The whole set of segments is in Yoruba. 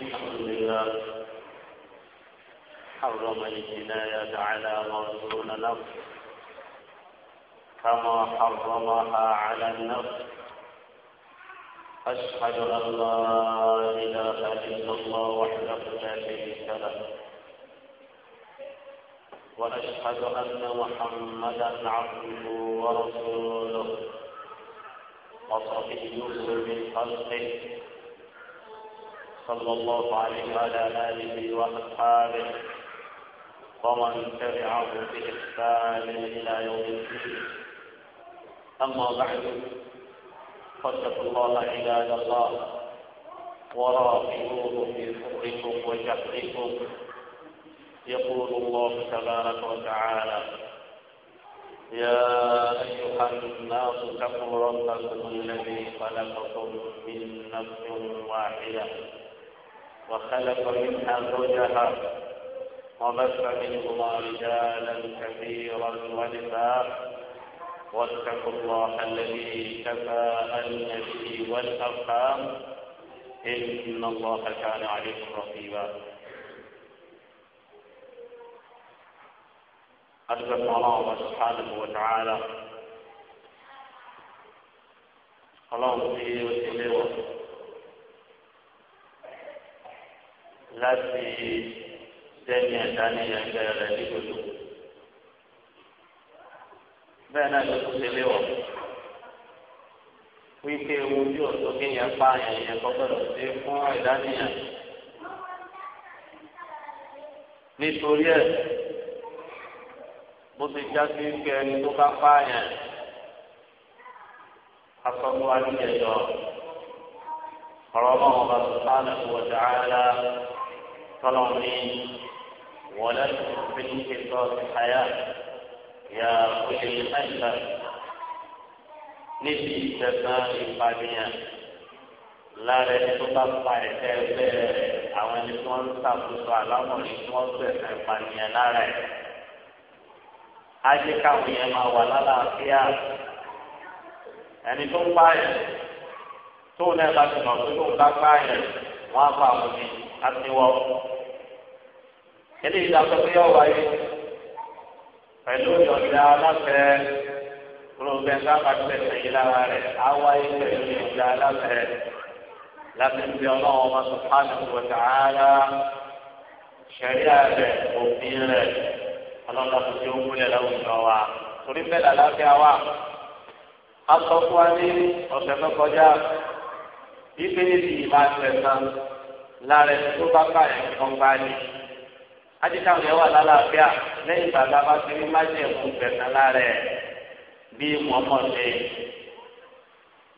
الحمد لله حرم الجناية على رسول نفس كما حرمها على النفس أشهد أن لا إله إلا الله وحده لا شريك له وأشهد أن محمدا عبده ورسوله وصفيه من خلقه صلى الله عليه وعلى آله وأصحابه ومن تبعه بإحسان إلى يوم الدين أما بعد فاتقوا الله عباد الله وراقبوه في سركم وجهركم يقول الله تبارك وتعالى يا أيها الناس اتقوا ربكم الذي خلقكم من نفس واحدة وخلق منها زوجها وبث منهما رجالا كثيرا ونساء واتقوا الله الذي تساءلن به والارحام ان الله كان عليكم رقيبا أثبت الله سبحانه وتعالى اللهم صل وسلم láti dẹ́ni ẹ̀dá ní ẹgbẹ́ rẹ̀ nígbòdo. bẹ́ẹ̀ náà ló tún ṣe léwọ̀ wípé ojú ọ̀tún kéèyàn pa ẹ̀yẹ kọ́kọ́rọ́ sí fún ẹ̀dá níyàn. nítorí ẹ̀ bó ti já sí pé ẹni tó bá pa ẹ̀yẹ asọ́nù wa ní ẹ̀yọ ọ̀rọ̀ ọlọ́run ọba sọ̀tánù wọ̀dà صلوني ولن بالانتصار الحياة يا أولي الألباب níbi ìtẹ̀sán ìpànìyàn lára ẹni tó bá pa ẹ̀tẹ́ ẹgbẹ́ rẹ̀ àwọn ẹni tí wọ́n ń ṣàkóso alámọ̀rin tí wọ́n ṣẹ̀ṣẹ̀ ìpànìyàn lára ẹ̀. ajé káwọn yẹn máa wà lálàáfíà ẹni tó ń pààyàn tóun náà bá ti mọ̀ pé tóun bá pààyàn wọ́n á pa àwọn ènìyàn àtiwọ́ eléyìí dàgbà pé yọ wáyé pẹ̀lú ìyọ̀dá aláfẹ́ rògbẹ̀ká pàṣẹ yìí lára rẹ̀ àwáyé pẹ̀lú ìyọ̀dá aláfẹ́ láti fi ọlọ́wọ́ wọn sọ fáàlì wọn tààrà sẹ̀ríà rẹ̀ òfin rẹ̀ ọlọ́wọ́ tó ti ń múlẹ̀ láwùjọ wa torí bẹ́ẹ̀ làlàáfíà wa a sọ fún wa ní ọ̀sẹ̀ tó kọjá ìpínlẹ̀ ìmọ̀ àti ẹ̀sán lára ẹni tó bá bá yẹn kàn bá ní. Adíkà mi wà lálàáfíà lẹ́yìn ìgbàgbà bá ti rí májẹ̀ kú bẹ̀rẹ̀ lára ẹ̀ bí mọ̀mọ́lé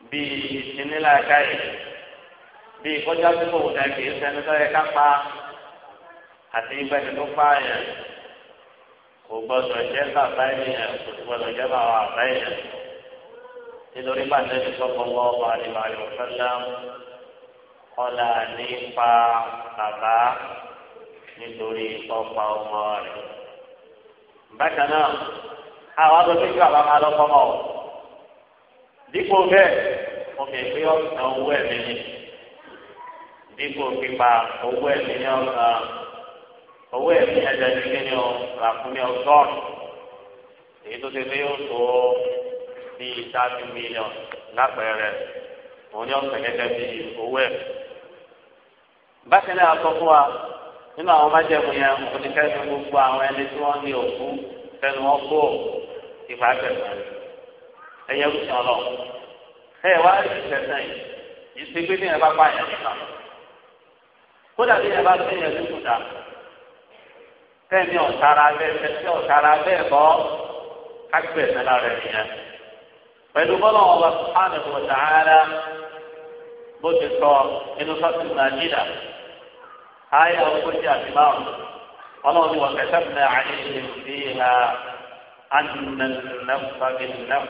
bí ìsinilaka yìí bí kọjá tó kò wùdà kì í sẹni tó yẹ ká pa àti ìgbà tó pa yẹn kò gbọdọ̀ jẹ́ bàbá yẹn kò gbọdọ̀ jẹ́ bàbá yẹn nítorí pàṣẹ ìsọ̀kọ̀ lọ́wọ́ àdìmọ̀ àdìmọ̀ fẹ́lẹ́ ọ̀là nípa bàbá nítorí ọ̀pá ọmọ rẹ̀. bákan náà àwọn abẹ́fẹ́ kí bàbá máa lọ́kọ́ mọ́ ọ. dípò bẹ́ẹ̀ mo fẹ́ pé ọ̀sán owó ẹ̀mí ni dípò pípa owó ẹ̀mí ni ọ̀sán owó ẹ̀mí ẹ̀dá ni kí ni ọ̀sán àkúnmí ọ̀sán èyí tó ṣe pé yóò tó bíi thirty million lápẹẹrẹ òun ni ọ̀sẹ̀ gẹ́gẹ́ bí owó ẹ̀. bákan náà sọ fún wa nínú àwọn májẹ̀mú yẹn òun ni kẹ́sì gbogbo àwọn ẹni tí wọ́n ní òkú fẹ́ni wọ́n kó ìgbà tẹ̀sán ẹ̀yẹ rúṣin ọlọ́ ẹ̀ wá ìṣẹ̀sán yìí ìṣègbè ní ẹ̀ bá pààyàn nìkan kódà bí ẹ bá fi yẹn dúdú dà fẹmi ọ̀sára bẹ́ẹ̀ bọ́ kágbẹ̀sẹ̀ lára ẹ̀ pẹ̀lú bọ́lá ọba sùpánù bó ti sọ inú sọ́ọ̀tì nàìjíríà ayé ọkùnrin àti márùn ọlọ́run ni wọ́n kẹsẹ́ fún àyè ìdí ha ànínàfàbìnàf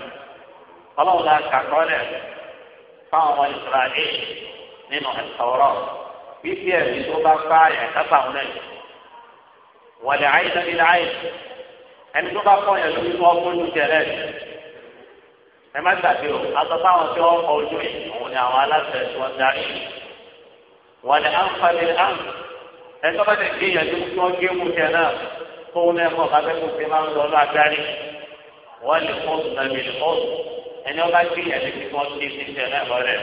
ọlọ́run la kàkọ́lẹ̀ fáwọn ọmọ ìsirahì nínú ẹ̀sọ́rọ̀ fífi ẹ̀rí tó bá bá ẹ̀ka fáwọn ẹ̀ wọ̀lẹ̀ àyè nàbí láyè ẹni tó bá kọ́ lórí ọkùnrin tẹ̀lé ẹ má gbàgbé o aṣọ táwọn tí wọn kọ ojú yìí òun ni àwọn aláṣẹ tí wọn darí wọn ni àǹfààní àmì ẹjọ́ bá ti gbìyànjú tí wọ́n gé mú jẹ náà tó ń lẹ́ mọ́ abẹ́kù tí máa ń lọ lọ agbárí lè fọ́ nàbí lè fọ́ ẹni wọ́n bá gbìyànjú tí wọ́n gé sí jẹ náà lọ́rẹ̀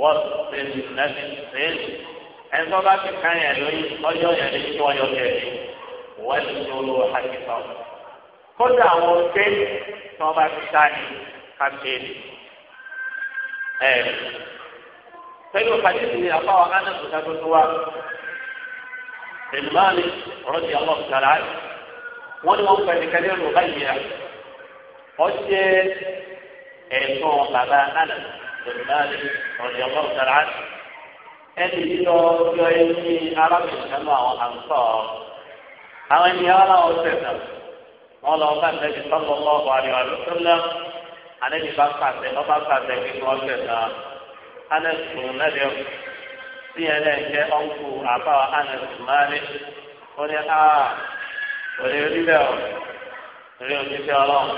wọ́n ṣe nàbí sèlè ẹni tó bá ti káyà lóyún ọjọ́ yẹn tí wọ́n yọ kẹ́lẹ́ wọ́n lè tó lọ kàṣe ẹ pẹ̀lú kàdísì ni àfáwọn anáàbò sàkóso wa ìmáàlì rọ́jì ọlọ́ọ̀tàlá wọ́n ní wọ́n pẹ̀lú kẹ́lẹ́ rò báyìí yá ọjẹ́ ẹ̀sùn bàbá àná ìmáàlì rọ́jì ọlọ́ọ̀tàlá ẹni yíyọ yọ ẹni arábìnrin nínú àwọn àǹsọ̀ àwọn ènìyàn aláwọ̀ sẹ̀sẹ̀ wọn lọ bá ẹni sọ́kọ̀ lọ́wọ́ àríwá lọ́sọ̀lá anabi bá pàṣẹ ọba pàṣẹ kíkọ ọsẹ náà anẹsù nàdẹ tí ẹ lẹ jẹ ọńkù àbáwá anẹsù máàlẹ ó ní a òní onílẹ ọ òní oníṣẹ Ọlọ́run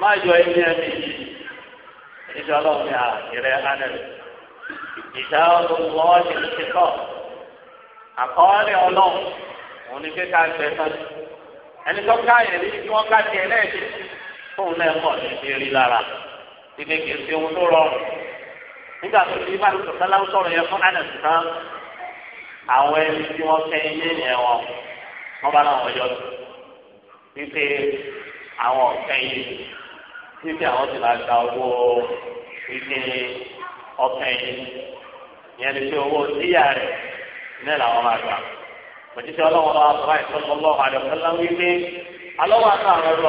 má yọ ẹni ẹni yìí oníṣẹ Ọlọ́run ní àkìrẹ anẹsù ìdá ọlọwọ ní kíkọ àkọọ́lẹ̀ Ọlọ́run òní kíkà gbẹsán ẹni tó ká yẹn ní kí wọn ká tiẹ̀ lẹ́ẹ̀kejì fóun náà mọ̀ níbi rí lára ìgbé kìí ṣe ohun tó rọrùn nígbà tó ti bá lùsọ̀ sáláwó sọ̀rọ̀ yẹn fún àdàtì tán àwọn ẹni tí wọ́n fẹ́ ilé yẹn wọn wọ́n bá láwọn yọ wípé àwọn ọ̀kẹ́ yìí títí àwọn ti máa gba owó wípé ọ̀kẹ́ yìí yẹn ni pé owó díyà rẹ̀ náà làwọn máa gbà òjíṣẹ́ ọlọ́wọ́n lọ́wọ́ àtọ́láì tó ń bọ́ lọ́wọ́ àdàtì tán alọ́wọ́ àtọ́ àwọn ẹrú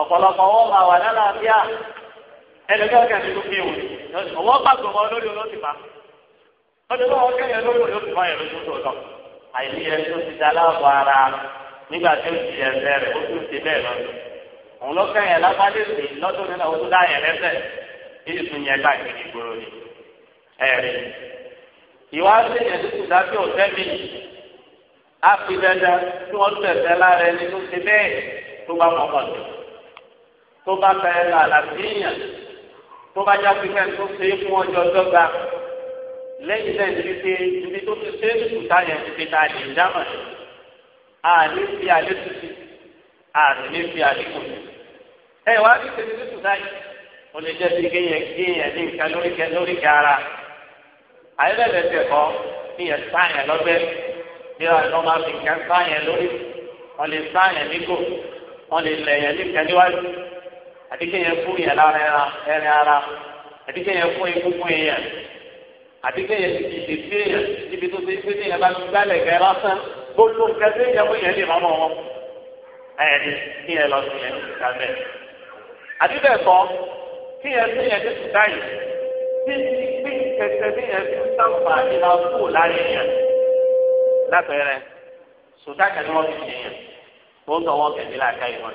ọ̀pọ̀lọpọ̀ wọn máa wà lálàáfíà fi ọwọ́ pàtó wọn lórí olóòtú ma ọdún tó wọn kẹ́yìn lórí olóòtú ma yẹn lójú tó lọ àìní ẹni tó ti ara nígbà ti yẹ ó tún ti bẹ́ẹ̀ lọ òun ló lọ́dún nínú dá yẹn lẹ́sẹ̀ ìsún yẹn gbòòrò ni ẹ̀rí ìwà sí ẹni tó ti tó bá fẹ́ lọ àlàfíìyàn tó bá jáde fẹ́ tó ṣe é fún ọjọ́ dọ́gba lẹ́yìn náà ní pé ibi tó ti ṣe é lùkùtà yẹn ti fi ta àdé dámọ̀ àní fi àdé tuntun àní fi àdé kù. ẹ wá ní ṣe ní lùkùtà yìí o lè jẹ́ bí kéèyàn kéèyàn ní nǹkan lórí kẹ lórí kẹ ara àyẹ̀lẹ̀ tẹ̀ kéèyàn sáyẹn lọ́gbẹ́ bí wọ́n máa fi nǹkan sáyẹn lórí wọ́n lè sáyẹn nígò wọ́n lè lẹ̀yẹn níkẹ́ níwájú àti kéèyàn fún yẹn lára ẹrin ara àti fún egungun yẹn àti kéèyàn ti yẹn níbi tó ti pé kéèyàn bá ti gbálẹ̀ gẹ́ lásán gbogbo nǹkan tó yẹ yẹn lè má mọ̀ wọn ẹ̀yẹ ti kéèyàn lọ sí yẹn níta bẹ́ẹ̀. àti bẹ́ẹ̀ kọ́ kéèyàn tó yẹn ti tù dáyì tí ti pín kẹsẹ̀ tí yẹn ti sáǹfà nípa kú láyé yẹn látọ̀ẹ́rẹ́ sùdákẹ́ ni wọ́n ti yẹn wọ́n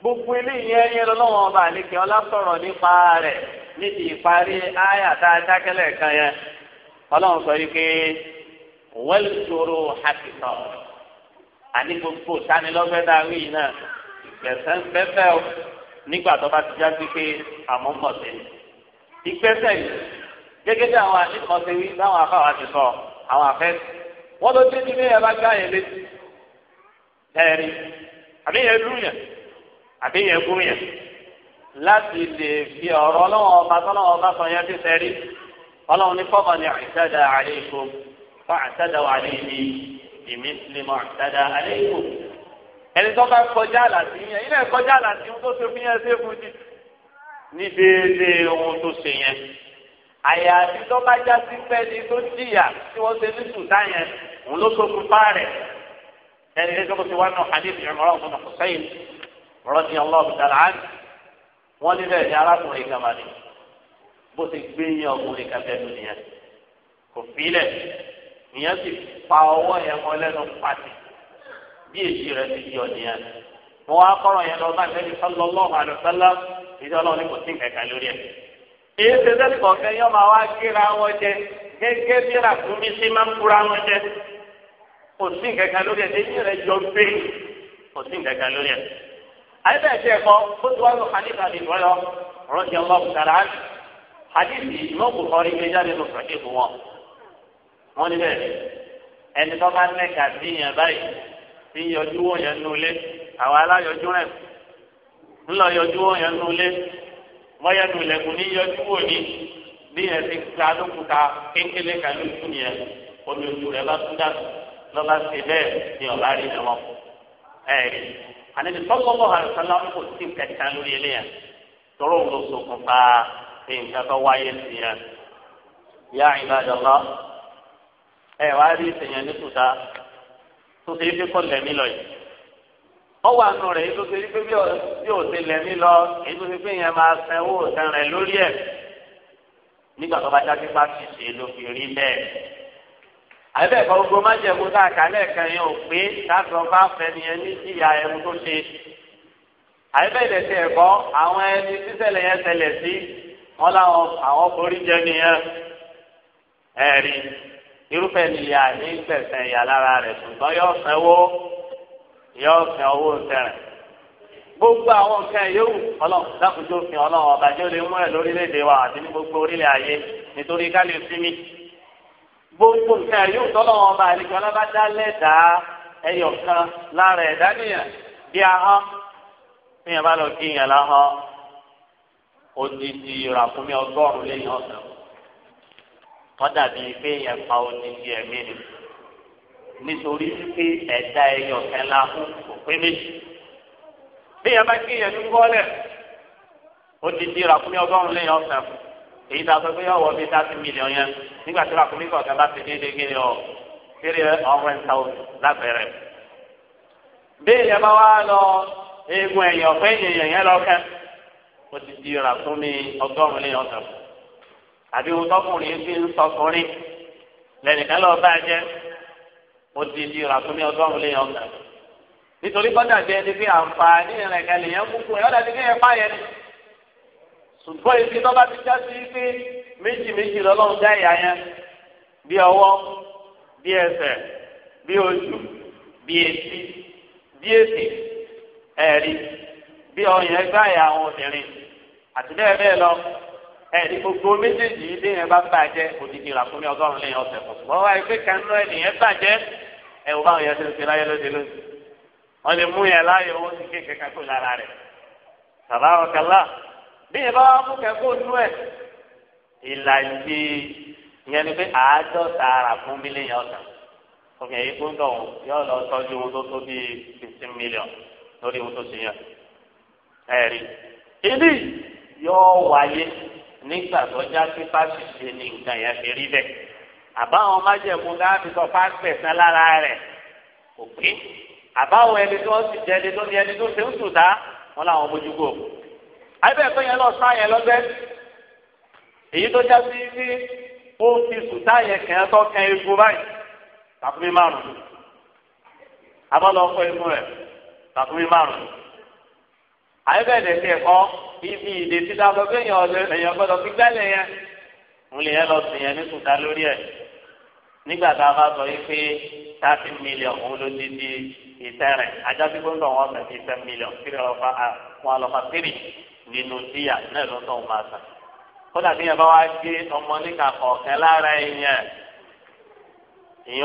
gbogbo eléyìí nye lọ́wọ́ ọba àlekè ọlá sọ̀rọ̀ nípa rẹ̀ níbi ìparí àyà tá a dákẹ́lẹ̀ kan yẹn ọlọ́run sọ yìí pé wẹ́lì ṣòro àtìtọ̀ àní gbogbo sanilọ́fẹ́ dáwé yìí náà nígbà tó bá ti já sí pé ìgbẹ́sẹ̀ yìí gẹ́gẹ́ bí àwọn wí báwọn àwọn àbí yẹn gún yẹn láti lè fi ọ̀rọ̀ ọlọ́wọ́n ọba tọ́lọ́wọ́n ọba sọ yẹn ti sẹ́rí ọlọ́wọ́n ní fọ́ọ̀mù ni àìsàdà àléékòm fún àìsàdà wà ní ibi ìmísílímọ̀ àìsàdà àléékòm. ẹni tó bá kọjá àlàsí yẹn ilé kọjá àlàsí ohun tó ṣe fún yẹn ṣe fún ti ní déédéé ohun tó ṣe yẹn. àyàfi tó bá já sí pẹ́ẹ́ni tó jìyà tí wọ́n ṣe ní sùdá yẹn òun ló ṣokùnfà rẹ̀ ẹni rọ́ọ̀dì ọlọ́ọ̀bù dára á wọ́n ní bẹ́ẹ̀ ni arákùnrin kan máa ní bó ti gbé yín ọkùnrin kan bẹ́ẹ̀ lónìí yẹn kò fílẹ̀ ìyẹn sì pa ọwọ́ yẹn mọ́ lẹ́nu pàtì bí èsì rẹ̀ ti di ọ̀nì yẹn mo wá kọ́rọ̀ yẹn lọ bá ìfẹ́ni sallallahu alaihi wasallam ìdí ọlọ́run ní kò sí kẹ̀kẹ́ lórí ẹ̀. èyí ṣe sẹ́ni kọ̀ọ̀kan yóò máa wá kíra wọn jẹ gẹ́gẹ́ bí ràkúnmí sí máa ń kúra wọn jẹ kò sí kẹ̀kẹ́ lórí ẹ̀ àyẹ̀bẹ̀ tiẹ̀ kọ́ ó ti hadith àti ìfọ̀yọ́ rọ́jì ọlọ́run á hadith ìmọ̀kù kọrin gbé jáde lọ sọ̀kè fún wọn. wọ́n ní bẹ́ẹ̀ ẹni tó bá nẹ́ka sí yẹn báyìí ti yọjú wọ̀ yẹn nulẹ̀ àwọn aláyọjú rẹ̀ ńlọ yọjú wọ̀ yẹn nulẹ̀ mọ́yẹ́ nulẹ̀ kò ní yọjú wọ̀ ní yẹn ti gba lókùta kékeré kan lóṣù yẹn omi ojú rẹ̀ bá tún dànù lọ́ba ṣe bẹ́ẹ̀ ni ọ̀la ànábi sọlọlọ àrùsọlá kò sí kẹta lórí ilé yẹn tọrọ òun ló ṣokùnfà nǹkan tó wáyé sí yẹn yá ìbádọ́lá ẹ wá rí ìsèyàn ní kùtà tó ṣe é fi kọ́ lẹ́mí lọ yìí ọwọ́ àánú rẹ̀ yìí tó ṣe wípé bí yóò ṣe lẹ́mí lọ èyí tó ṣe pé yẹn máa sanwó ọ̀sán rẹ̀ lórí ẹ̀ nígbà tó bá dájú bá ti ṣe ló fi rí bẹ́ẹ̀ àbẹ gbogbo má jẹ kó tá a kà lẹ́ẹ̀kan yẹn ò pé láti ọba fẹni yẹn ní ìyá ẹnu tó ṣe àbẹ ìdẹsẹ ẹkọ àwọn ẹni sísẹlẹ yẹn ṣẹlẹ̀ sí wọn làwọn àwọn forí jẹ nìyẹn ẹ̀rí irúfẹ́ nìyà ní gbẹ̀sẹ̀ ìyá lára rẹ̀ ṣùgbọ́n yóò fẹ́ wó yóò fẹ́ owó sẹrẹ gbogbo àwọn nǹkan yòówù Ọlọ́run dákúndó fi Ọlọ́run ọbàjẹ olè mú ẹ lórílẹ̀èdè wa àti ní gbogbo orílẹ̀ ayé nítorí ká lè sinmi gbogbo nǹkan yóò tọ́lọ̀ wọn bá àlejò alábàdá lẹ́dàá ẹyọ kan lára ẹ̀dá nìyẹn bí ahọ́n níyẹn bá lọ kí yẹn láhọ́n ó di di ràkúnmí ọgọ́rùn-ún lẹ́yìn ọ̀sán wọ́n dàbí pé yẹn pa odidi ẹ̀mí ni nítorí pé ẹ̀dá ẹyọ kan láhùn kò pé méjì bí yẹn bá kí yẹn dúró lẹ̀ ó di di ràkúnmí ọgọ́rùn-ún lẹ́yìn ọ̀sán fún èyí tá a sọ pé yọ wọ bíi thirty million yẹn nígbà tí wàá kún nígbà ọ̀gá bá ti déédéé kí ni ọ three hundred thousand lábẹ́rẹ́. bẹ́ẹ̀ yẹn bá wá lọ eegun ẹ̀yìn ọ̀fẹ́ èèyàn yẹn lọ kẹ́ ó ti di ra fún mi ọgọ́rùn-ún lẹ́yìn ọ̀sán. àbí ohun tọkùnrin fi ń sọkùnrin lẹ́nìkan lọ bá jẹ́ ó ti di ra fún mi ọgọ́rùn-ún lẹ́yìn ọ̀sán. nítorí kọ́dà jẹ́ ẹni pé àǹfààní rẹ̀ yẹn kúkú ẹ̀ ọ́ ṣùgbọ́n ibi tó bá ti já sí pé méjì méjì lọ́lọ́run dá ìyá yẹn bí ọwọ́ bí ẹsẹ̀ bí ojú bí etí bí ètè ẹ̀rí bí ọyàn ẹgbẹ́ àyà àwọn obìnrin àti bẹ́ẹ̀ bẹ́ẹ̀ lọ ẹ̀rí gbogbo méjèèjì yìí lẹ́yìn bá bàjẹ́ òdìdí rà fún mi ọgọ́rùn lẹ́yìn ọ̀sẹ̀ kan ṣùgbọ́n wáyé pé kanú ẹ̀nìyẹn bàjẹ́ ẹ̀wọ̀n báwọn yẹn ti láyé lóde lóde wọ́n lè mú yẹn láyé owó ti kéèké kakó lára rẹ̀ tàbá ọ̀kàlá bí ìbá wa mú kẹ́kọ̀ọ́ nú ẹ̀ ìlàjì ìyẹn ni pé àádọ́ta ara fún mílíọ̀nù ọ̀sán òfin ẹ̀yìn tó ń dọ̀ yóò lọ tọ́jú owó tó tó bí fifteen million lórí owó tó ṣe yàn ẹ̀rí ilé yóò wáyé nígbà tó já sí fásitì ní nǹkan yẹn fi rí bẹ́ẹ̀ àbáwọn májẹ̀mú láti sọ fásitì lára rẹ̀ kò àbáwọn ẹni tó ti jẹ ẹni tó ń ṣe ń sùn dá wọn làwọn mójúgbò àyẹ̀bẹ̀ ẹ̀kọ́ yẹn lọ sá yẹn lọ́gbẹ́ èyí tó já sí sí ó fi sùtá yẹn kẹ́ẹ́ tó kẹ́ egun báyìí tàkùnmí márùn abọ́lọ́ ọkọ inú rẹ̀ tàkùnmí márùn àyẹ̀bẹ̀ ẹ̀dẹ̀ tiẹ̀ ibi ìdè tí bẹ́ẹ̀ yẹn ọ̀dọ̀ ẹ̀yàn gbọ́dọ̀ fi yẹn ń lè yẹn lọ sìn yẹn ní sùtá lórí ẹ̀ nígbà tá a bá sọ yìí pé thirty million òun ló ti di ìtẹ́ rẹ̀ ajá tí gbọ́dọ̀ wọn sàn ti ten million kí wọn lọ fa three nínú díyà náà ló ń tọ́ sàn. kódà bí yẹn bá wá gé ọmọ níka kọ̀ọ̀kẹ́ lára ìyẹn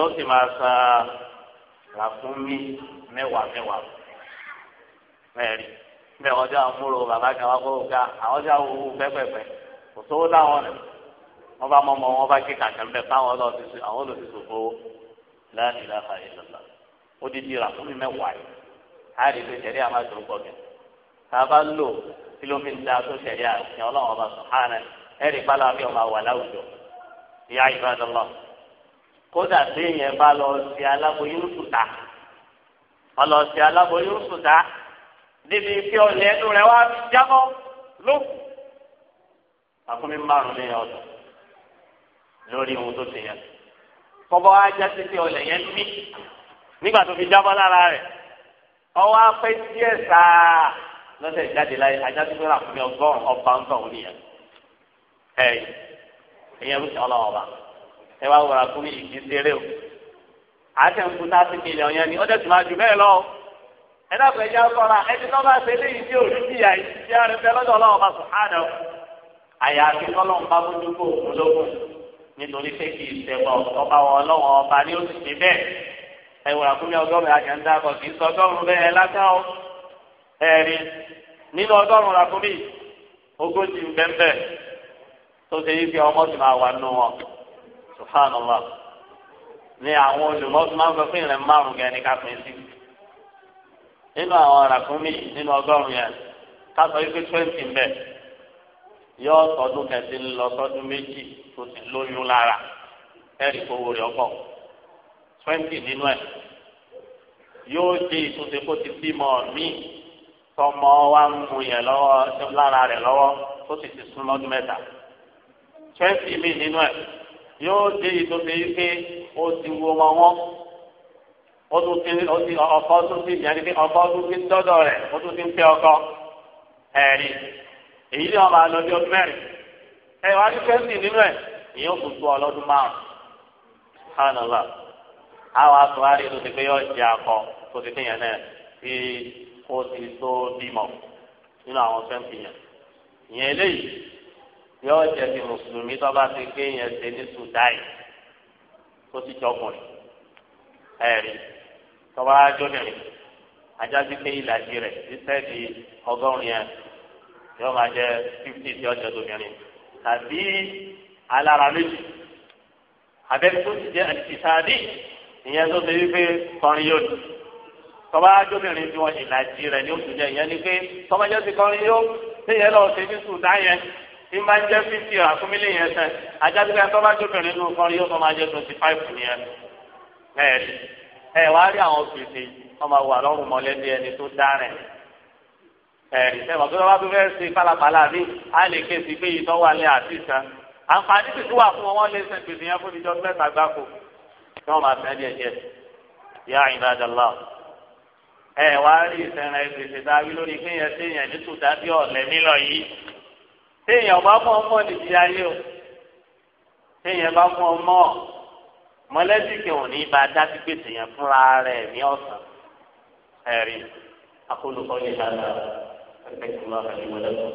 ó sì máa mẹ́wàá mẹ́wàá mẹ́rin bẹ́ẹ̀ ọjọ́ àmúrò bàbá kan wá kó ga àwọn ọjọ́ wọn bá mọmọ wọn bá kíkà kẹmbẹ fáwọn ọlọsísọ àwọn olùsísọ fowó láàrin láfa ìlọlọ odidi rà fún mi mẹwàá yìí láàrin pé sẹrí àmà tó gbọ mi tá a bá lò kìlómítà tó sẹrí àti Ọlọ́run ọba sọhánà ẹrí pálá bí ọmọ àwà láwùjọ ìyá ìbádọlọ kódà téèyàn bá lọ sí aláboyún sùtà ọlọsí aláboyún sùtà níbi kí ọlẹ rẹ wá jábọ lókù àkúnmí márùn ní ọdún lórí ohun tó ṣe yẹn kọ́bọ́ wa já títí ọlẹ̀ yẹn mí nígbà tó fi jábọ́ lára rẹ̀ ọwọ́ afẹ́ díẹ̀ sáà lọ́sẹ̀ jáde láyé ajá tó fẹ́ràn fún mi ọba ń tọ̀ wọlé yẹn ẹ ẹ̀yẹ ló ṣe ọba ẹ wá wọra fún ìdí sẹ́rẹ́ o àti ẹ̀kún náà ti kìlẹ̀ ọ̀yẹn ni ọ̀dẹ̀ tó máa jù bẹ́ẹ̀ lọ ẹ dàgbà ẹ̀jẹ̀ akọ́ra ẹni tó bá ṣe léyìí tí òrí ti yà ìdí arẹ́fẹ́ lọ́dọ̀ ọlọ́wọ́ ọba sùn nítorí pé kì í sẹ́gbọ́ ọba wọn ọlọ́wọ́ ọba ni ó sì ṣe bẹ́ẹ̀ ẹ wọ àkúnyẹ ọgọ́rùn-ún àti ẹ̀ńdá kan kì í sọ ọgọ́rùn-ún bẹ́ẹ̀ látàn ó ẹ̀rí nínú ọgọ́rùn-ún làkúnmí ogójì ń bẹ́ńbẹ́ tó ṣe yí pé ọmọ sì máa wà nù wọn subhanallah ni àwọn olùmọ́sí máa ń sọ fún ìrìn márùn-ún yẹn ní káfíń sí nínú àwọn làkúnmí nínú ọgọ́rùn yẹn ká sọ yí pé twenty bẹ́ẹ̀ yọ sọdún kẹsì lọ sọdún méjì tó ti lóyún lára ẹrí kówó rẹ ọgbọ twenty nínú ẹ yóò dé ìtúnṣe kó ti bímọ mí tọmọ wa ń mu yẹn lọ́wọ́ lára rẹ lọ́wọ́ tó sì ti sún lọ́dún mẹ́ta twenty mí nínú ẹ yóò dé ìtúnṣe yìí pé ó ti wo wọn wọn ó tún ti ó ti ọkọ tún ti yẹn ni pé ọkọ tún ti dọdọ rẹ ó tún ti ń fẹ́ ọkọ ẹrí èyí ni wọn máa lọ ní ọdún mẹ́rin ẹ wá ní fẹsí nínú ẹ ìyẹn ò kún tó ọlọ́dún márùn hánàlá àwọn asọ̀wárí tó ti pé yọ jẹ akọ tó ti kéèyàn náà tí ó ti tó bímọ nínú àwọn fẹsí yẹn ìyẹn eléyìí yọ jẹ ti mùsùlùmí tó bá ti kéèyàn ṣe ní sùdáì tó ti jọkùnrin ẹ̀rí tó bá jókèrè ajá ti pé ìlàjì rẹ̀ ti sẹ́ẹ̀dì ọgọ́rin yẹn yóò máa jẹ fifty tí ọjọ́ tó mìíràn tàbí alára méjì abẹ́rẹ́ tó ti jẹ́ àtìsáàdì ìyẹn tó ti rí pé kọrin yóò tọ́ba ajóbìnrin tí wọ́n ìlàjì rẹ̀ ní oṣù jẹ́ ìyẹn ni pé tọ́ba jẹ́ ti kọrin yóò téèyàn lọ ṣe ní sùdá yẹn tí máa jẹ́ fifty àkúmílẹ̀ yẹn sẹ́ ajásílẹ̀ tọ́ba ajóbìnrin ní kọrin yóò tó jẹ́ twenty five nìyẹn ẹ̀ ẹ̀ wá rí àwọn gbèsè wọ́n máa wà ẹni tó dá rẹ̀ ẹ̀rí sẹ́wọ̀n tó wá tó fẹ́ ṣe pálapàla mi á lè ké sí pé ìtọ́ wà lẹ́ àti ìsan àǹfààní ti tún wà fún wọn lé sẹ́ gbèsè yẹn fún mi jọ mẹ́ta gbáko tí wọ́n máa sẹ́ni ẹ̀jẹ̀ yá ìbádàlá ẹ̀ wá rí ìsẹ̀rẹ̀ gbèsè dáwí lórí pé yẹn séèyàn ní tùdá bí ọ̀lẹ́ nílọ yìí séèyàn bá mọ̀ ọmọ nìjí ayé o séèyàn bá mọ̀ ọmọ mọ̀lẹ́bí kẹ̀ òní bá dá sí gbèsè yẹn fúnra rẹ̀ ní ọ̀sán ẹ̀rí akólókọ́ yìí dáadáa. أستغفر الله لي ولكم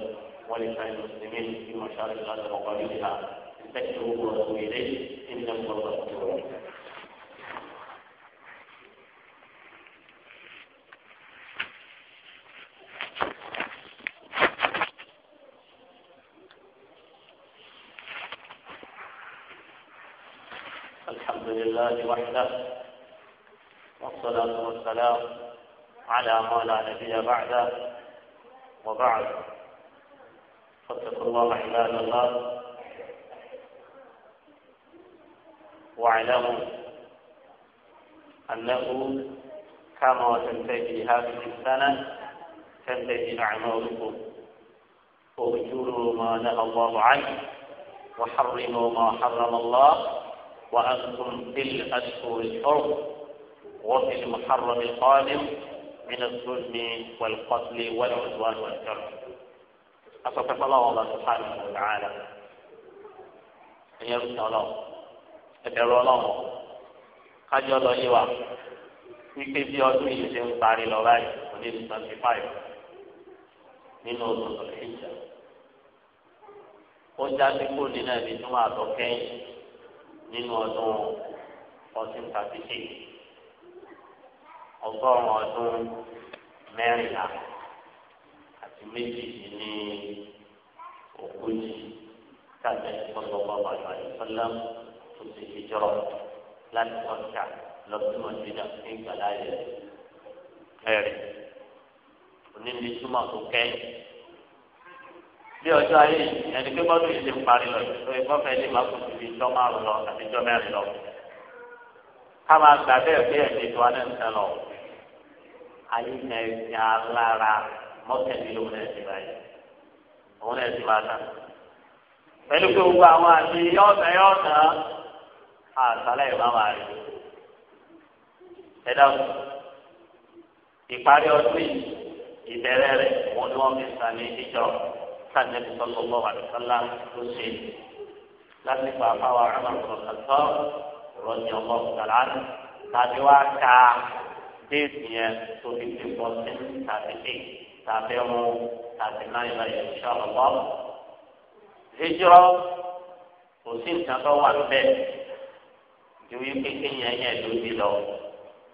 ولسائر المسلمين في مشارق الأرض وقبيلها استغفروه وأتوب إليه إنه هو الغفور الرحيم لله وحده والصلاة والسلام على ما لا نبي بعده وبعد فاتقوا الله عباد الله واعلموا أنه كما تنتهي هذه السنة تنتهي أعمالكم واهجروا ما نهى الله عنه وحرموا ما حرم الله وأنتم في الأشهر الحرم وفي المحرم القادم من الظلم والقتل والعدوان والجرم أصدق الله الله سبحانه وتعالى أن يرسل الله أدعو الله kájọ lọ yé wa wípé bí ọdún yìí ṣe ń parí lọ báyìí òní ní twenty five nínú oṣù tòlẹ́jà ó jáde kó nínú ẹ̀mí tó wà lọ kẹ́yìn nínú ọdún fourteen thirty six ọgọ́rùn-ún ọdún mẹ́rìnlá àti méjì ní ogójì tàbí ọgbọgbọ ọgbà ìfọlá tó ti fi jọrọ láti ọjà lọ́dún ọdún ní ìgbàlá yẹn ẹ̀rì onílé túmọ̀ tó kẹ́yìn bí ọjọ́ ayé ẹni pé bọ́dún yìí ti parí lọ ìfọ̀fẹ́ ní ìbákùn ti fi jọ́ márùn-ún lọ àti jọ́ mẹ́rin lọ ká máa gbà bẹ́ẹ̀ bí ẹ̀mí tó alẹ́ ń tẹ̀lọ̀ ayé ní ẹ̀sìn alára mọ́kànlélógún ẹ̀sìn báyìí òun ẹ̀sìn bá tà pẹ̀lú pé gbogbo àwọn àti yọ̀ọ̀tàn yọ̀ọ̀tàn àtàlẹ́ ìbámu àrí ẹ̀dá ìparí ọdún yìí ìbẹ̀rẹ̀ rẹ̀ wọ́n ní wọ́n fi sàmì ìjọ sàmìlì sọ́kọ̀ lọ́wọ́ àdìsọ́lá tó ṣe lásìkò àbáwá ọ̀rọ̀ àtọ́ rọ́ọ̀nì ọmọ ọ̀gá tàbí wá ka déètì yẹn tó fi ti pọ̀ sí tàbí lè tàbí mu tàbí náírà láyé ìṣọ̀rọ̀ lọ. Hijrọ́ kò sí nǹkan tó wà bẹ́ẹ̀ ju wípé kéèyàn yẹn lóbi lọ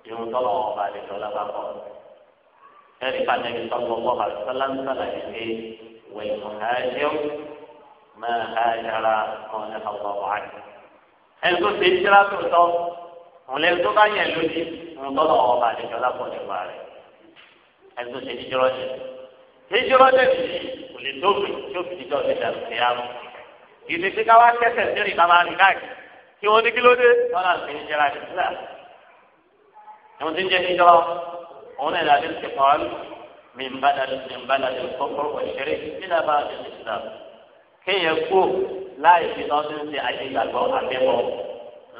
irun tọ́lọ̀ wọn bá lè lọ lábàbọ̀. Ẹ̀rí pàtàkì sọ́kọ̀ ọkọ̀ àtúntàlántàlá yìí pé wẹ̀yìn ọ̀hà máa ha ọ̀nà àwọn ọ̀hà ẹni tó ṣe tíra tó tọ́ òun lẹ́nu tó bá yẹn lójú òun tọ́ lọ́wọ́ ọba àdéjọ lápọ̀ nípa rẹ̀ ẹni tó ṣe tíjọ́rọ́ jẹ tíjọ́rọ́ jẹ bìí kò lè dóbi tó fi tíjọ́ ti dàrú ní àrùn ìdí tí káwá kẹsẹ̀ sẹ́rì bàbá rìn káàkiri kí wọ́n ní kí ló dé lọ́la ṣe ń jẹrà ní sílẹ̀ ẹ̀wọ̀n ti ń jẹ tíjọ́ òun náà dàbí ti pọ̀ ọ́n min bá dàbí min bá dàbí láì fi lọ́dún ṣe ayé ìgbàgbọ́ àbẹ̀wọ̀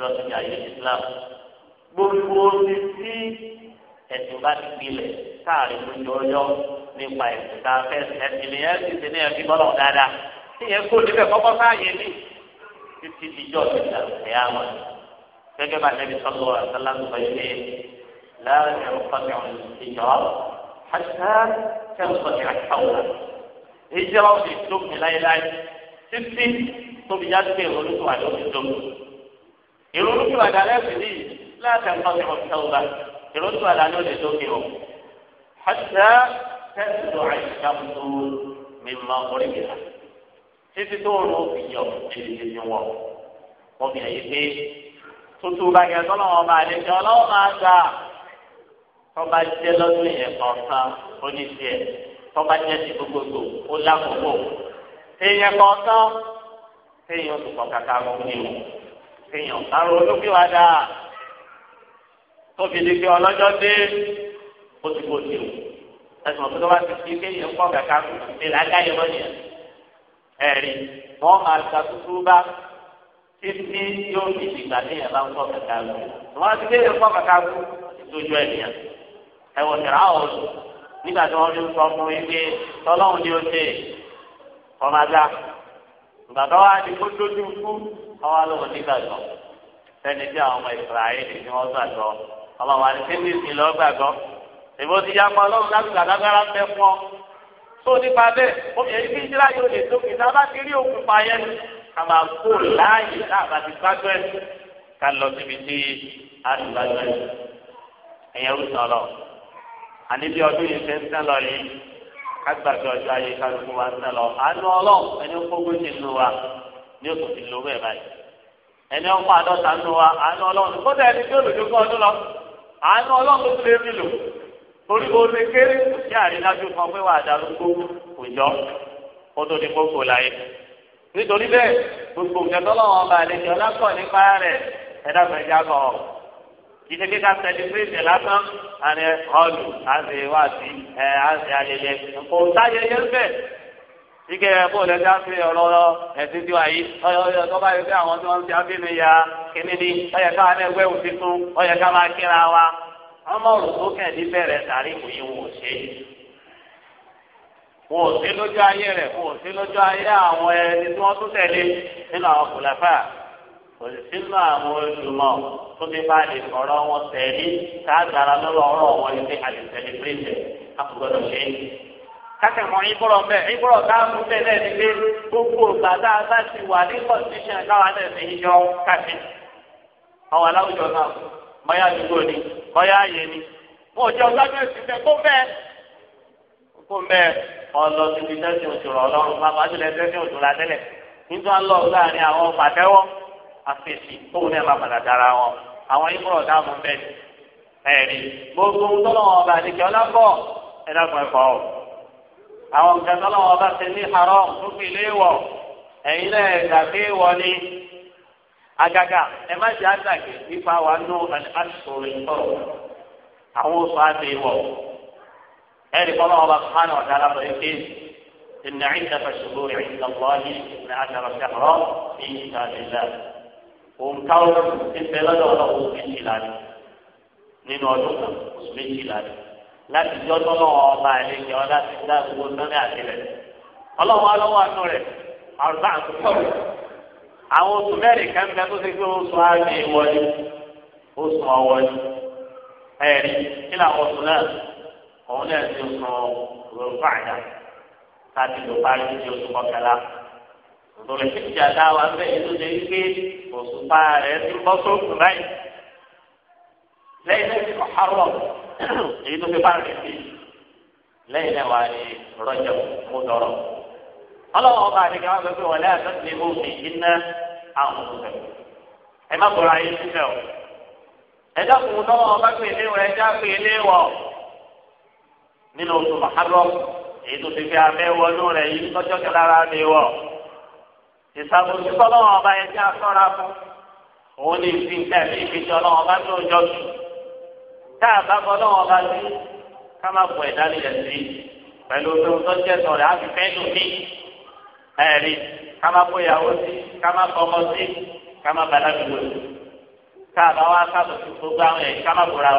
lọ́sùn ayé Islam gbogbo omi tí ẹ̀sùn bá ti gbilẹ̀ káàrin ló yọyọ nípa ẹ̀sùn tá a fẹ́ ẹ̀sìn ni ẹ̀sìn ti ní ẹ̀fí bọ́lọ̀ dáadáa tí yẹn kó níbẹ̀ kọ́kọ́ sáàyè ní títí ìjọ ìjà ẹ̀yà wọn gẹ́gẹ́ bá nẹ́bí sọ́kọ̀ àtàlágbọ̀ ilé láàrin ẹ̀rọ kọ́kẹ́ ìjọ àtà kẹ́kọ̀ọ́ ìjọ ìjọ ìjọ ìjọ tóbi já sípé ìrònú tó wà lórí tó ìrònú tó wà dálẹ́ sí ní láti ẹ̀kọ́ mi wọ́n tẹ́wọ́ bá ìrònú tó wà dálẹ́ òde tó kí o. hàtà tẹ́sítọ̀ àìsàmùtò mi máa kọrin mi rà títí tó rún òfin yọ ẹni tí ti wọ̀ wọ́n fi àyè pé tuntun bá yẹ kọ́nà wọn máa lè jẹ ọlọ́wọ́ máa gbà tọ́ba jẹ́ lọ́dún yẹn kọ̀ọ̀kan ó tọ́ba jẹ́ ti gbogbogbò ó lákòókò èèyàn kọ̀ọ̀kan kéèyàn tó kọ́ kàkà lọ ní o kéèyàn àrùn olókè wa dáa tóbi ní pé ọlọ́jọ́ dé ó ti bó ti o ẹ̀sùn ọ̀gbìn tó bá ti fi kéèyàn kọ́ kàkà lọ ní làákàyè wọn yẹn ẹ̀rí wọn máa ta tútú bá títí yóò fi ìgbà téèyàn bá ń kọ́ kàkà lọ wọn ti kéèyàn kọ́ kàkà lọ ìtòjú ènìyàn ẹ̀wọ̀n tẹ̀rẹ̀ àwọn nígbà tí wọ́n fi ń sọ fún pé tọ́lọ́hún ni ó ṣe ọmọ gbàgbọ́ wa ni kó lójú kú ọwọ́ lóhùn nígbàgbọ́ sẹ́ni tí àwọn ọmọ ìsirayẹ́lì ni wọ́n gbàgbọ́ ọmọ wa ni sẹ́ni ìsìn lọ gbàgbọ́ èbó ti yá pa ọlọ́run láti gbàdágbára ń bẹ fún ọ tó nípa bẹ́ẹ̀ obìnrin bí ìjìlá yóò lè tó kìtà bá ti rí òkú pa yẹn ká máa kó láàyè láàbà ti gbàgbọ́ ẹ̀ ká lọ síbi tí a ti gbàgbọ́ ẹ̀ ẹ̀yẹ rúṣọ lọ àní bí ọdún yìí fẹ́ ń agbàdo ọjọ́ ayé kálukú wa ń lọ àánú ọlọ́run ẹni kókó ti lu wa ní oṣù tí lu bẹ́ẹ̀ báyìí ẹni ọkọ àdọ́ta ń lu wa àánú ọlọ́run kódà ẹni tí olùdókòó ọdún lọ àánú ọlọ́run tó tún lè rí lò torí o lè kéré sí àrídájú kan pé wà á darúgbó kò jọ ó tó ní kókó láyé nítorí bẹ́ẹ̀ gbogbo ìjọba ọlọ́run ọba àlejò ọlá ìṣe kíkà sẹlifírétì lásán àti ọlù àti ìwádìí ẹ àti ayẹyẹ kò sáyẹyẹ bẹ́ẹ̀ ike ẹ̀kọ́ lẹ́sẹ̀ àti ọ̀rọ̀ ẹ̀sìn tiwa yìí ọyọ ọyọ tó bá yẹ kí àwọn tí wọ́n ti àfihàn ya kíní ni ọyẹ káwa náà ẹgbẹ́ òfin fún ọyẹ káwa kíra wa ọmọ òrùn tó kẹ̀dí sàrí kò yí wọn ṣe wọn sí lójú ayé rẹ̀ wọn sí lójú ayé àwọn ẹni tí wọ́n tún tẹ̀lé nínú àwọn kòlẹ́fà òṣìṣẹ́ àwọn olùmọ̀ tó ti bá lè ọ̀rọ̀ wọn tẹ̀lé káàgbára lọ́wọ́ ọ̀rọ̀ wọn ní a lè àkùgbọ́dọ̀ ṣe é. kákẹ́kọ̀ọ́ ìgbọ́rọ̀ bẹ́ẹ̀ ìgbọ́rọ̀ káàkùn tẹ́lẹ̀ ní pé gbogbo ìgbà tá ti wà ní kọ̀ǹtíṣàn káwa náà fi yọ káfí. àwọn aláwùjọ náà bóyá àdúgbò ni bóyá àyè ni wọn jẹ́ ọ̀gá kó mbẹ ọlọ títí tẹsí òṣùrọ Ọlọ́run pápá afẹ́sí tóun náà máa padà dára wọn àwọn ìmúrọ̀ bẹ́ẹ̀ gbogbo ohun ọba àdìkẹ́ ẹ̀fọ́ o àwọn nǹkan ọba ní ilé wọ̀ ẹ̀yin náà ẹ̀dà agaga ẹ má nípa wa nù ìtọ́ àwọn oṣù àti ìwọ̀ ọba عند الله في òun táwọn ìfẹ́ lọ́dọ̀ ọlọ oṣù méjìlá ni nínú ọdún kan oṣù méjìlá ni láti jọ́ tọ́lọ́wọ́ ọba ẹ̀lẹ́jẹ̀ dá gbogbo àánú àrùbá àwọn oṣù kan bẹ tó ṣe pé oṣù oṣù kí làwọn oṣù náà òun náà ti láti lò parí ti oṣù kọkànlá òṣùpá rẹ̀ ti bọ́ sókun báyìí lẹ́yìn lẹ́yìn ọ̀hárọ̀ èyí tó fi bá rẹ̀ sí lẹ́yìn náà wà ní rọ́jà mú dọ̀rọ̀ ọlọ́wọ́ ọba àdìgá wà pé wọlé àtọ́sí ìhó mi iná àwọn òṣùpẹ̀ ẹ má bọ̀rọ̀ ayé síbẹ̀ o ẹ dákun tọ́wọ́ ọba pé ilé wọ ẹja pé ilé wọ nínú oṣù ọ̀hárọ̀ èyí tó fi fi abẹ́ wọnú rẹ̀ yìí tọ́jọ́ kẹlára ìsàbòsí tọ́lọ́wọ́ ọba yẹn tí a fún òun lè fi tẹ̀lé ìfisí ọlọ́wọ́ ọba tó jọ sùn tá a bá bọ́lọ́wọ́ ọba sí ká má bọ̀ ẹ̀dá lè sí pẹ̀lú ohun tó jẹ́ sọ̀rọ̀ àfi fẹ́ lù mí ẹ̀rí ká má bọ̀ ìyàwó sí ká má sí ká má bàdá sí tá a bá wá gbogbo àwọn ká má bọ̀ra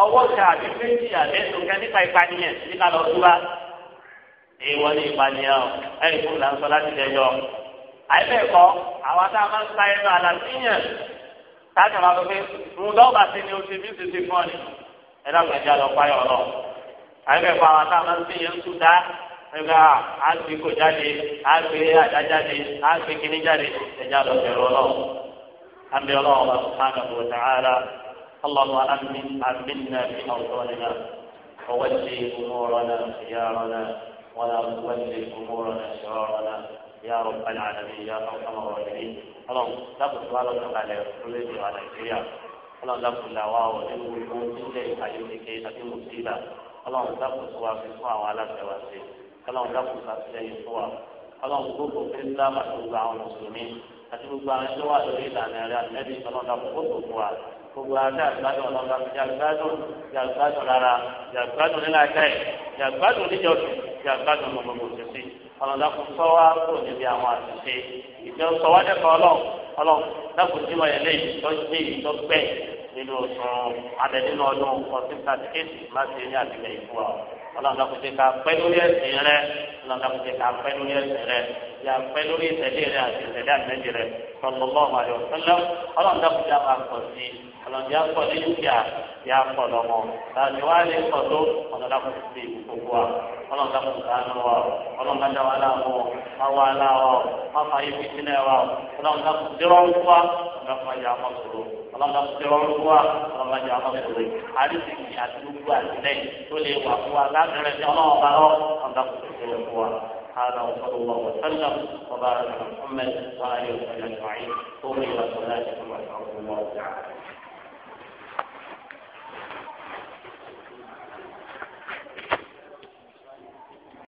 ọwọ́ ṣe àbí méjì àbẹ́sùn kẹ́ nípa ìpànìyàn nípa lọ ni ìpànìyàn fún ń sọ láti àwọn tá a máa ń sa ẹnu àlàsíyàn máa fẹ́ lọ́ọ̀bà sí ni o ti bí ti ti fún ọ ni ẹ dàgbà jẹ́ àlọ́ páyọ̀ lọ. àìbẹ̀kọ́ àwọn tá a máa ń sí yẹn dá ẹgbẹ́ a gbé kò jáde a gbé jáde a gbé kíní jáde اللهم أمن أمنا في أوطاننا وولي أمورنا خيارنا ولا تولي أمورنا شرارنا يا رب العالمين يا أرحم الراحمين اللهم تبت وارد على قلوبي وعلى الخيار اللهم لا كل واو إنه إليك يملك أبي مصيبة اللهم تبت وارد وعلى تواسي اللهم تبت وارد وعلى ọlọ́run gbogbo islam àti gbogbo المسلمين mùsùlùmí àti gbogbo àwọn ẹgbẹ́ wà lórí ìlànà ẹ̀rẹ́ àti ẹ̀bí ọlọ́run dàpọ̀ gbogbo wa gbogbo àti àgbàdùn ọlọ́gbà jàgbádùn jàgbádùn rárá jàgbádùn nílá ẹ̀kẹ́ jàgbádùn níjọ́sìn jàgbádùn gbogbo òṣìṣì ọlọ́dà kò sọ wá kò níbi àwọn àṣìṣe ìjọ sọ wá dẹ́kọ̀ ọlọ́run ọlọ́run dákun tí wọ́n yẹ lẹ́yìn tó ṣe ìjọ bẹ́ẹ̀ nínú sùn abẹ nínú ọdún fourteen thirty ọlọ́dọ̀ kò ti ka pẹ́ lórí ẹ̀sìn rẹ ọlọ́dọ̀ kò ti ka pẹ́ lórí ẹ̀sìn rẹ yà pẹ́ lórí ìtẹ̀lé rẹ àti ìtẹ̀lé àtẹ̀lé rẹ sallallahu alaihi wasallam ọlọ́dọ̀ kò ti ka pọ̀ sí ọlọ́dọ̀ akọ̀ ní dúkìá yà pọ̀ lọ́mọ láti wá lè sọ tó ọlọ́dọ̀ kò ti gbogbo wa ọlọ́dọ̀ kò ti ka nù wa ọlọ́dọ̀ dá wa láàmú wa wà láwa wa má fà yí fi sílẹ̀ wa ọlọ́dọ̀ kò ti rọ̀ ọlọ́mọ ìṣòro ọlọ́wọ́ wa ọlọ́mọ ìṣòro ọlọ́wọ́ ìṣòro àríṣìí tó lè wà fún wa lábẹ́rẹ́ ní ọlọ́wọ́ bá lọ ọ̀dà ṣe fún wa. هذا وصلى الله وسلم وبارك على محمد وآله وصحبه أجمعين قوموا إلى الله تعالى